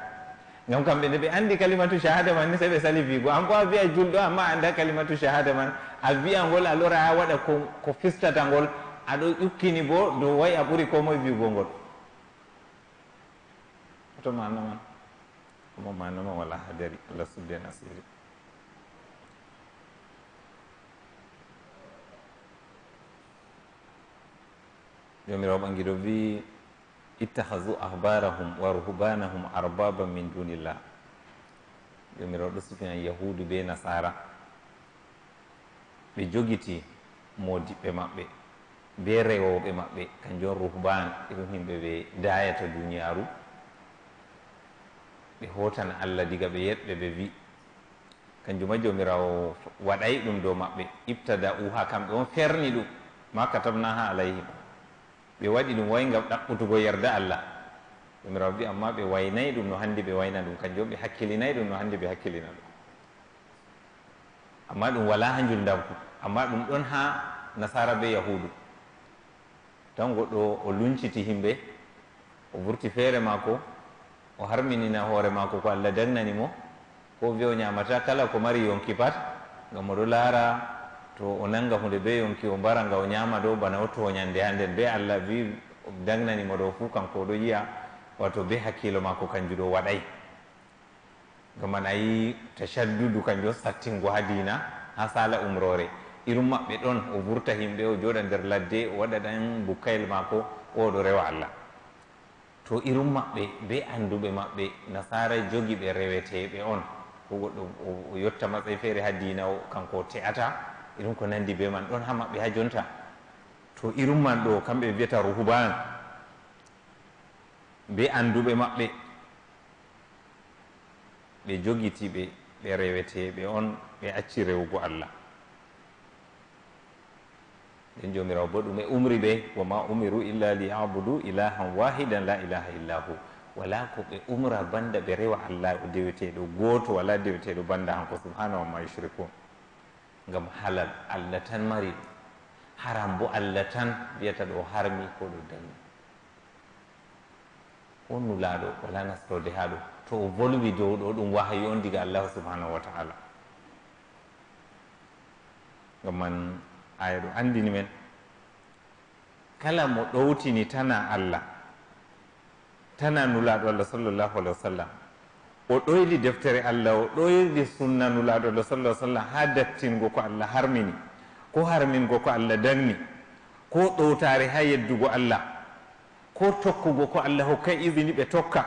gam kamɓe nde ɓe andi kalimatu shahada man ni se ɓe sali wiigo an ko a wiya julɗo amma anda kalimatu shahada man a wiya ngol a lora a waɗa ko fistata ngol aɗo ƴukkini bo dow wayi a ɓuri ko moye ngol to manama omo manama wala ha dari allah sudden jomirawo ɓangiɗo wi ittahadu ahbarahum wa ruhbanahum arbaban min dunillah jomirawo ɗo sufina yahudu be nasara ɓe jogiti modiɓɓe maɓɓe be rewoɓe maɓɓe kanjum on ruhban ɗum himɓe ɓe dayata duniyaru ɓe hotana allah diga ɓe yetɓe ɓe wi kanjuma jomirawo waɗay ɗum dow maɓɓe ibtada uha kamɓe on ferni ɗum ma katabna ha alayhim ɓe waɗi ɗum way ngam ɗaɓɓutugo yerde allah yomirawo wi amma ɓe waynayi ɗum no hanndi ɓe wayna ɗum kanjum ɓe hakkilinayi ɗum no hanndi ɓe hakkilina ɗum amma ɗum wala ha njuldanku amma ɗum ɗon ha nasara be yahudu tan goɗɗo o lunciti himɓe o vurti feere maako o harminina hoore maako ko allah dagnani mo ko wi o ñamata kala ko mari yonki pat ngam oɗo laara to o nanga hunde be yonki o mbara nga o ñaama ɗo bana o toñande hannden be allah wi dagnanimo ɗo fuu kanko o ɗo yiya wato be hakkilo ma ko kanju ɗo waɗay gaman ayi tachaddudu kanju sattingo ha dina ha sala umrore irum maɓɓe ɗon o vurta himɓe o joɗa nder ladde o waɗa ɗan bukkayel maako o ɗo rewa allah to irum maɓɓe be anduɓe maɓɓe nasara jogi ɓe reweteɓe on ko goɗɗo o yetta matsayi feere ha dina kanko o te ata irum ko nandi be man ɗon ha maɓɓe ha jonta to irum man ɗo kamɓe wiyata ruhuban be anduɓe maɓɓe ɓe jogitiɓe ɓe reweteɓe on ɓe acci rewugo allah nden jomirawo bo ɗum e umri ɓe wo ma umiru illa liyabudu ilahan wahidan la ilaha illa hu wala ko ɓe umra banda ɓe rewa allah o e deweteɗo goto wala deweteɗo banda hanko subhanahu ma yushrikun ngam halal allah tan mari haram bo allah tan wiyata ɗo harmi ko ɗo dañi onnulaaɗo wala naftode haa ɗo to o volwi dow ɗo ɗum wahayi on diga allahu subhanahu wa taala ngam man aya ɗo anndini men kala mo ɗowtini tana allah tana nulaaɗo allah sallllahu alahi wa sallam o ɗoyli deftere allah o ɗoyli sunnanulaaɗo lo sall sallam haa dattingo ko allah harmini ko harmingo ko allah danni ko ɗowtaare haa yeddugo allah ko tokkugo ko allah hokka isini ɓe tokka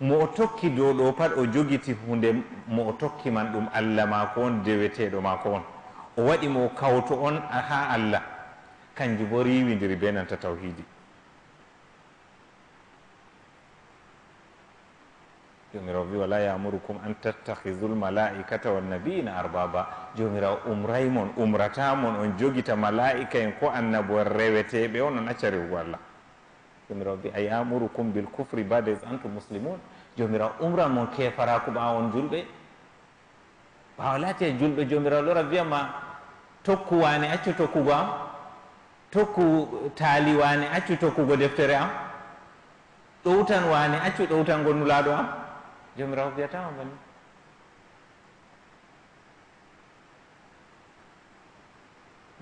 mo o tokki dow ɗo pat o jogiti hunde mo o tokki man ɗum allah maako on deweteeɗo maako on o waɗi mo kawto on haa allah kanjum bo riiwidiri be nanta tawhiidi jomirawo bi wala yamurukum an tattahidu lmalaikata wannabiyina arbaba jomirawo umray mon umrata mon on jogita malaika en ko annabuwan reweteɓe on on acca rewgo allah jomirawo wi a yamurukum bil kufri bades antum muslimun jomirawo umra mon kefaraku ɓawa on julɓe ɓawa laati e julɓe jomirawo lora ma tokku wane accu tokkugo am tokku taali wane accu tokkugo deftere am ɗowtan wane accu ɗowtan gonnulaɗo am jomirawo biyatama banni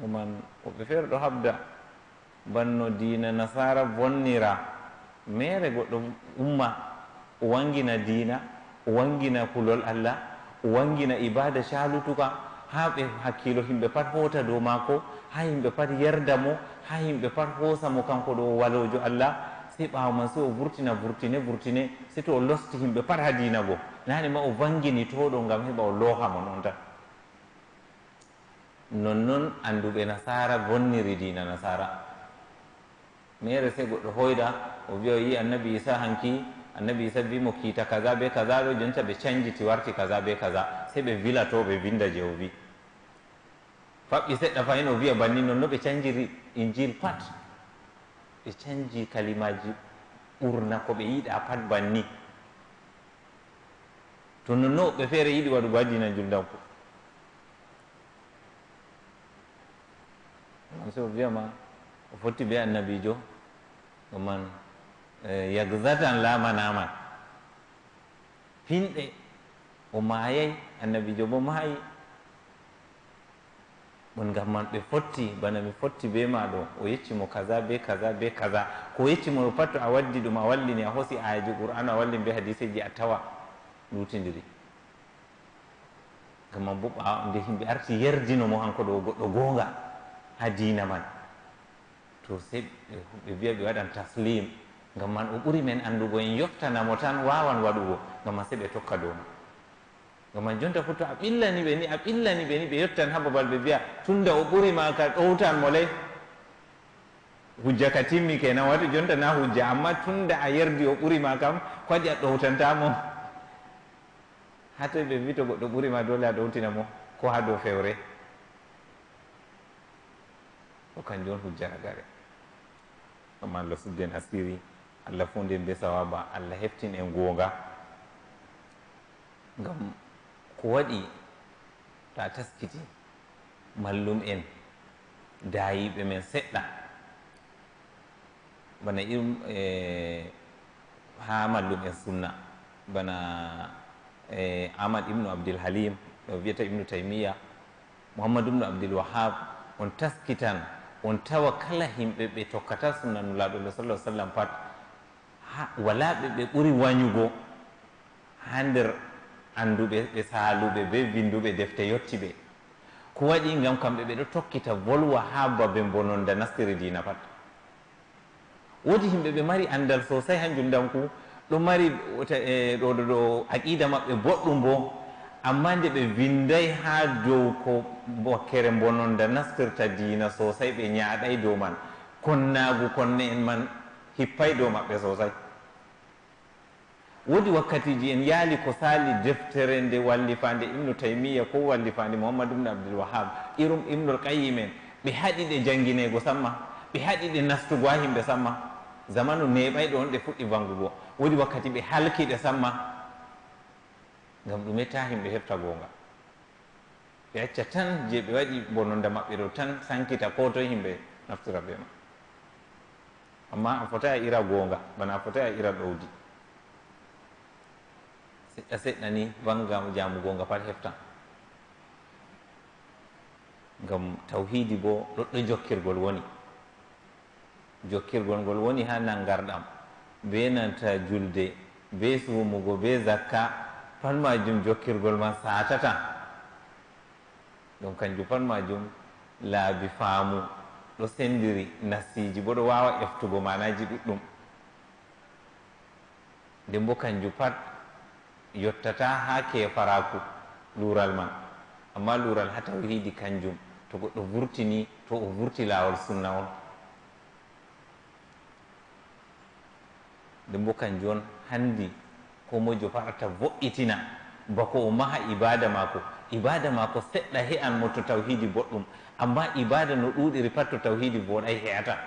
ɗuman woɓɓe feere ɗo habda banno diina nasara bonnira mere goɗɗo umma wangina diina wangina kulol allah wangina ibada calutuka ha ɓe hakkilo himɓe pat hota dow mako ha yimɓe pat yerdamo ha yimɓe pat hoosamo kanko ɗo walojo allah sey ɓaawo man sey o vurtina vurtine vurtine sey to o losti himɓe pat ha diina goo naane ma o vangini toɗo ngam heɓa o looha mon on tan nonnoon annduɓe nasara bonniri dina nasara mere sey goɗɗo hoyɗa o wiya o yi annabi isa hanki annabi isa mbimo kiita kaza be kaza ɗo jonta ɓe canjiti warti kaza be kaza sey ɓe vila to ɓe vinda je o wi faɓɓi seɗɗa fayin o wiya banni noon no ɓe canjiri injil pat ɓe canji kalimaji ɓurna ko ɓe yiɗa pat banni to nonno ɓe feere yiɗi waɗugo adina juldanko on so wiyama o fotti ɓe annabijo ɗuman e, yagzatan lamanaman finɗe o maayay annabijo bo maayi on ngam man ɓe fotti bana mi fotti be maɗo o yeccimo kaza be kaza be kaza ko yeccimo no patto a waddi ɗum a wallini a hoosi ayaji qur'ana a wallini be hadiseji a tawa lutidiri ngam man bo ɓaw nde himɓe arti yerdinomo hanko ɗo goɗɗo goonga ha dina man to sei ɓe mbiya ɓe waɗan taslim ngam man o ɓuri men anndugo en yoftanamo tan wawan waɗugo ngam man sei ɓe tokka dow ma gama jonta foto a ɓillani ɓe ni a ɓillani ɓe ni ɓe yettan ha babal ɓe mbiya tunda o oh, ɓurima ka ɗowtan oh, mo ley hujja ka timmi kenan wata jonta na hujja amma tunda a yerdi o oh, ɓurima kam ko waɗi a ɗowtantamo ha toy ɓe mbi to goɗɗo ɓurima dole a ɗowtina mo ko ha dow fewre o kanjum on hujja gare ɗum allah sudden asiri allah nden be sawaba allah heftin e gonga ngam ko waɗi to a taskiti mallum en daayiɓe men seɗɗa bana irum e ha mallum en sunna bana e amad ibnu abdil halim ɗo wiyata ibnu taymiya mouhammadou ibnu abdil wahab on taskitan on tawa kala himɓe ɓe tokkata sunnanulaɗolo sala sallam pat wala ɓe ɓe ɓuri wañugo ha nder annduɓe ɓe saaluɓe be winduɓe defte yotti ɓe ko waɗi ngam kamɓe ɓe ɗo tokkita volwa haa babe bononda nastiri dina pat woodi yimɓe ɓe mari anndal sosay hanjum danku ɗo mari e, ɗo ɗo ɗo aqida maɓɓe boɗɗum bo amma nde ɓe winday haa dow ko wakkere bononda nastirta diina sosay ɓe ñaaɗay dow man konnaagu konne en man hippay dow maɓɓe sosay woodi wakkatiji en yaali ko saali deftere nde wallifande ibnu taymiya ko wallifande mouhammad ibnu abdoulwahab irum ibnul qayim en ɓe haɗi ɗe jangguinego samma ɓe haɗi ɗe nastugo ha himɓe samma zamanu neɓay ɗo on ɗe fuɗɗi wangugo woodi wakkati ɓe halkiɗe samma gam ɗum etta himɓe hefta gonga ɓe acca tan je ɓe waɗi bononda maɓɓe ɗo tan sankita ko toye himɓe naftira be ma amma a fota a ira gonga bana a fota a ira ɗowdi seɗɗa seɗɗa ni wangam jamugo nga pat heftan ngam tawhidi bo ɗoɗɗo jokkirgol woni jokkirgol ngol woni ha nangarɗam be nanta julde be sumugo be zakka pat majum jokkirgol ma satata ɗum kanjum pat majum laabi faamu ɗo sendiri nassiji bo ɗo wawa eftugo manaji ɗuɗɗum nden bo kanjum pat yottata ha kefaraku lural man amma lural ha tawhidi kanjum to goɗɗo vurtini to o vurti lawol sunna on ndembo kanjum on handi ko mojo farata vo'itina bako o maha ibada mako ibada mako seɗɗa he an mo to tawhidi boɗɗum amma ibada no ɗuɗiri pat to tawhidi boɗay heyata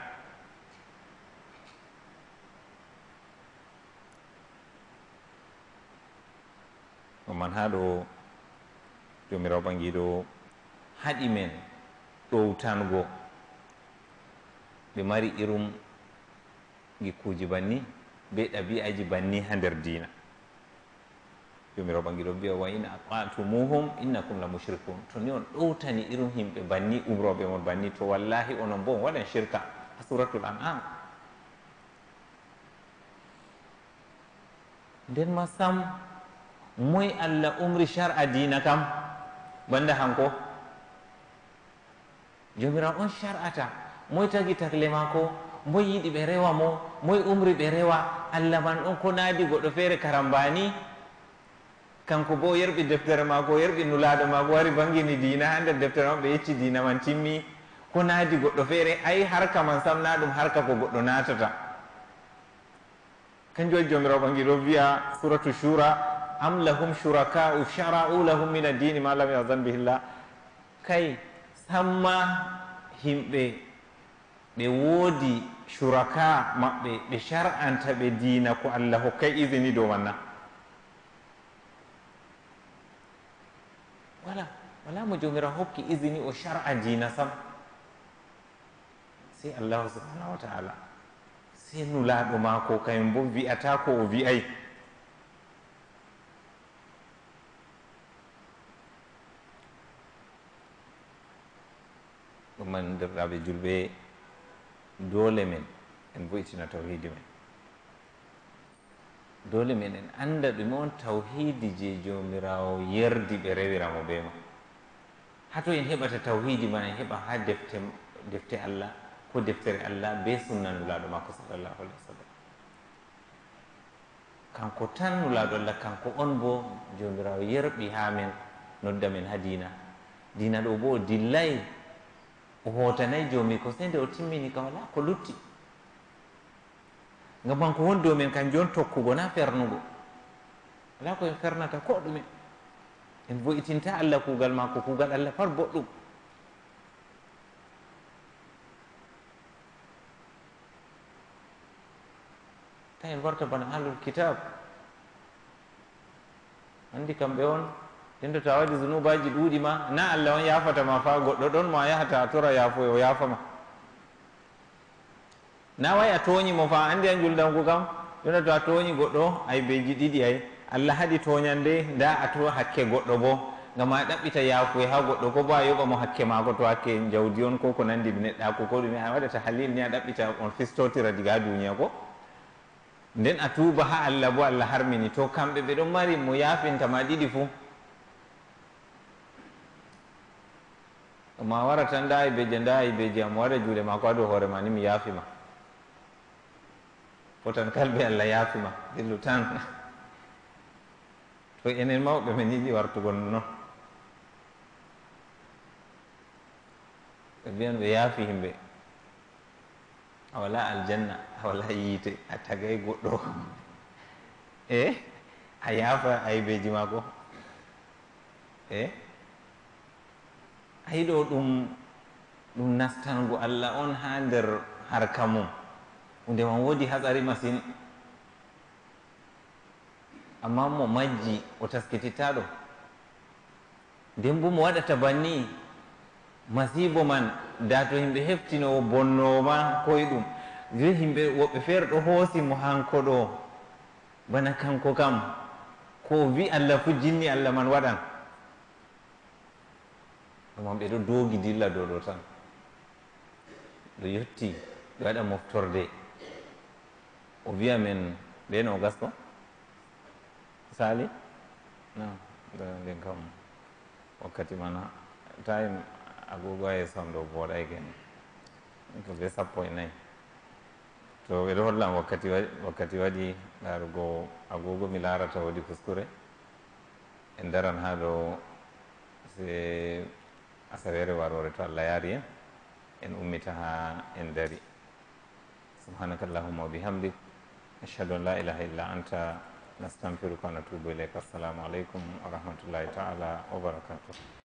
man ha ɗo jomirawo ɓangiɗo haɗi men ɗowtango ɓe mari irum gikkuji banni be ɗabi'aji banni ha nder dina jomirawo ɓangiɗo mbiya wa in aqatu muhum innakum la mushrikun to ni on ɗowtani irum himɓe banni umroɓe mon banni to wallahi onon bo on waɗan shirka ha suratul an am nden ma sam moy allah umri shar'a dina kam banda hanko jomira on oh, shar'ata moy tagi takle mako, moy yiɗi ɓe rewa mo moy umri ɓe rewa allah man on oh, ko nadi goɗɗo fere karambani kanko bo yarbi deftere maako yarbi nulado mako, wari bangini dina ha nder deftere on ɓe yecci dina man timmi ko naadi goɗɗo fere. Ai harka man sam na ɗum harka ko goɗɗo natata kanjo jomira bangi ɓangi ɗo suratu shura am lahum suraka'u sharau lahum min addini ma lam yazan bihillah kay samma himɓe ɓe woodi suraka maɓɓe ɓe shar'anta ɓe diina ko allah hokkay isini dow manna wala wala mo jomira hokki isini o shar'a diina sam sey allahu subhanahu wa taala sey nulaaɗo maako kayen bo wi'ata ko o wi'ay ɗum man derɗaɓe julɓe doole men en vo'itina tawhidi men doole men en annda ɗume on tawhidi je jomirawo yerdi ɓe rewiramo be ma hato en heɓata tawhidi ma en heɓa ha defte defte allah ko deftere allah be sunnanulaɗo makko sallllahu alah wa sallam kanko tan nulaɗo allah kanko on bo jomirawo yerɓi ha men nodda men ha dina dina ɗo bo o dillay o hotanayi jomi ko sede o timmini ka wala ko lutti gam man ko woni domin kam joni tokkugo na fernugo wala ko en fernata ko ɗumen en vo'itinta allah kugal mako kugal allah far boɗɗum ta en warta bana alul kitab andi kamɓe on ndento ta waɗi zunubaji ɗuuɗima na allah on yafatama fa goɗɗo ɗon mo a yahata a tora yaafoy o yaafama na way a tooñimo fa anndi a njuldanku kam jona to a tooñi goɗɗo ay beji ɗiɗi ay allah haɗi tooñan de nda a to hakke goɗɗo bo ngam a ɗaɓɓita yaafoy e ha goɗɗo ko bo a yoɓa mo hakke maako to hakke jawdi on ko ko nanndi neɗɗa ko ko ɗumi a waɗata halil ni a ɗaɓɓita on fistotira diga duniya ko nden a tuuba ha allah bo allah harmini to kamɓe ɓe ɗon mari mo yaafintama ɗiɗi fuu ma wara tan nda ibeji nda ibeji am waɗa juuɗe ma ko aɗo hoore ma ni mi yaafima fotan kalɓe allah yaafima dillu tan to enen mawɓe men yiɗi wartugon noon ɓe mbiyan ɓe yaafi himɓe a wala aljanna a wala yiite a tagay e goɗɗo e a yaafa aybeji ma ko e eh? ayiɗo ɗum ɗum nastangu allah on ha nder harka mum hunde man woodi hasari masine amma mo majji o taskitita ɗo nden bo mo waɗata banni masibo man da to himɓe heftinoo bonnowo ma koye ɗum jo himɓe woɓɓe feere ɗo hoosi mo hanko ɗo bana kanko kam ko wi allah fu jinni allah man waɗan ɗumam ɓe ɗo doogi dilla dow ɗo tan ɗo yetti ɓe waɗa moftorde o wiya men ɓen o gasɗo sali no nden kam wakkati mana time agogo ha yesam ɗo booɗay gen ko be sappo e nayyi to ɓe ɗo hollam wakkati wakkati waɗi laarugo agogo mi laarata waɗi kuskure en daran ha ɗo se asawere warore to allah yaari en en ummita ha en dari subhanaka allahumma wabihamdik ashhadu an la ilaha illa anta nastanfiruka wa natubu ilayka assalamu aleykum wa rahmatullahi taala wa barakatuh